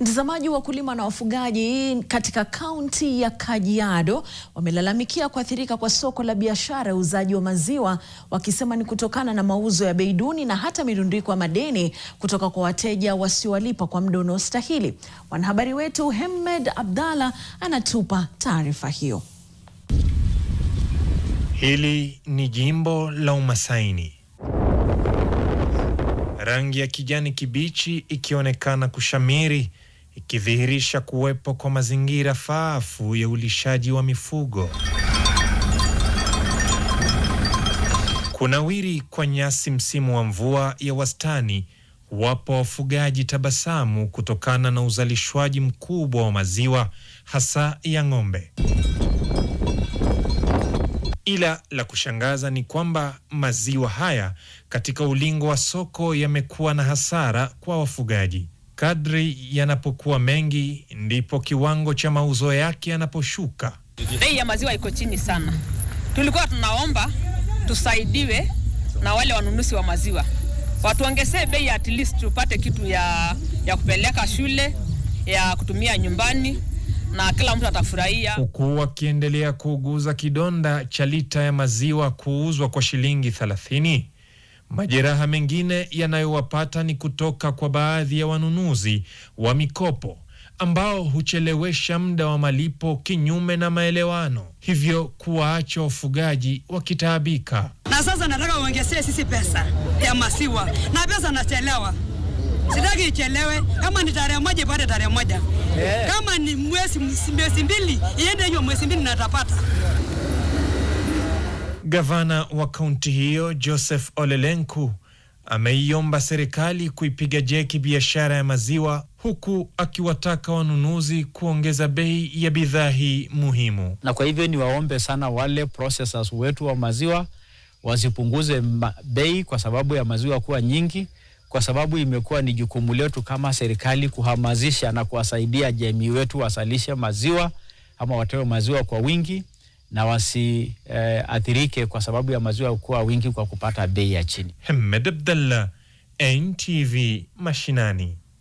Mtazamaji, wakulima na wafugaji katika kaunti ya Kajiado wamelalamikia kuathirika kwa soko la biashara ya uuzaji wa maziwa, wakisema ni kutokana na mauzo ya bei duni na hata mirundiko ya madeni kutoka kwa wateja wasiowalipa kwa muda unaostahili. Mwanahabari wetu Hemed Abdalla anatupa taarifa hiyo. Hili ni jimbo la Umasaini, rangi ya kijani kibichi ikionekana kushamiri ikidhihirisha kuwepo kwa mazingira faafu ya ulishaji wa mifugo. Kunawiri kwa nyasi msimu wa mvua ya wastani wapo wafugaji tabasamu kutokana na uzalishwaji mkubwa wa maziwa hasa ya ng'ombe. Ila la kushangaza ni kwamba maziwa haya katika ulingo wa soko yamekuwa na hasara kwa wafugaji. Kadri yanapokuwa mengi, ndipo kiwango cha mauzo yake yanaposhuka. Bei ya maziwa iko chini sana. Tulikuwa tunaomba tusaidiwe na wale wanunuzi wa maziwa watuongezee bei at least tupate kitu ya, ya kupeleka shule ya kutumia nyumbani na kila mtu atafurahia. Huku wakiendelea kuuguza kidonda cha lita ya maziwa kuuzwa kwa shilingi thelathini Majeraha mengine yanayowapata ni kutoka kwa baadhi ya wanunuzi wa mikopo ambao huchelewesha muda wa malipo kinyume na maelewano, hivyo kuwaacha wafugaji wakitaabika. Na sasa nataka uongezee sisi pesa ya masiwa na pesa nachelewa, sitaki ichelewe. Kama ni tarehe moja ipate tarehe moja, eh. kama ni mwezi, mwezi mbili iende hiyo mwezi mbili natapata Gavana wa kaunti hiyo Joseph olelenku ameiomba serikali kuipiga jeki biashara ya maziwa huku akiwataka wanunuzi kuongeza bei ya bidhaa hii muhimu. Na kwa hivyo niwaombe sana wale processors wetu wa maziwa wasipunguze bei kwa sababu ya maziwa kuwa nyingi, kwa sababu imekuwa ni jukumu letu kama serikali kuhamasisha na kuwasaidia jamii wetu wasalishe maziwa ama watoe maziwa kwa wingi na wasiathirike eh, kwa sababu ya maziwa kuwa wingi kwa kupata bei ya chini. Hemed Abdallah, NTV Mashinani.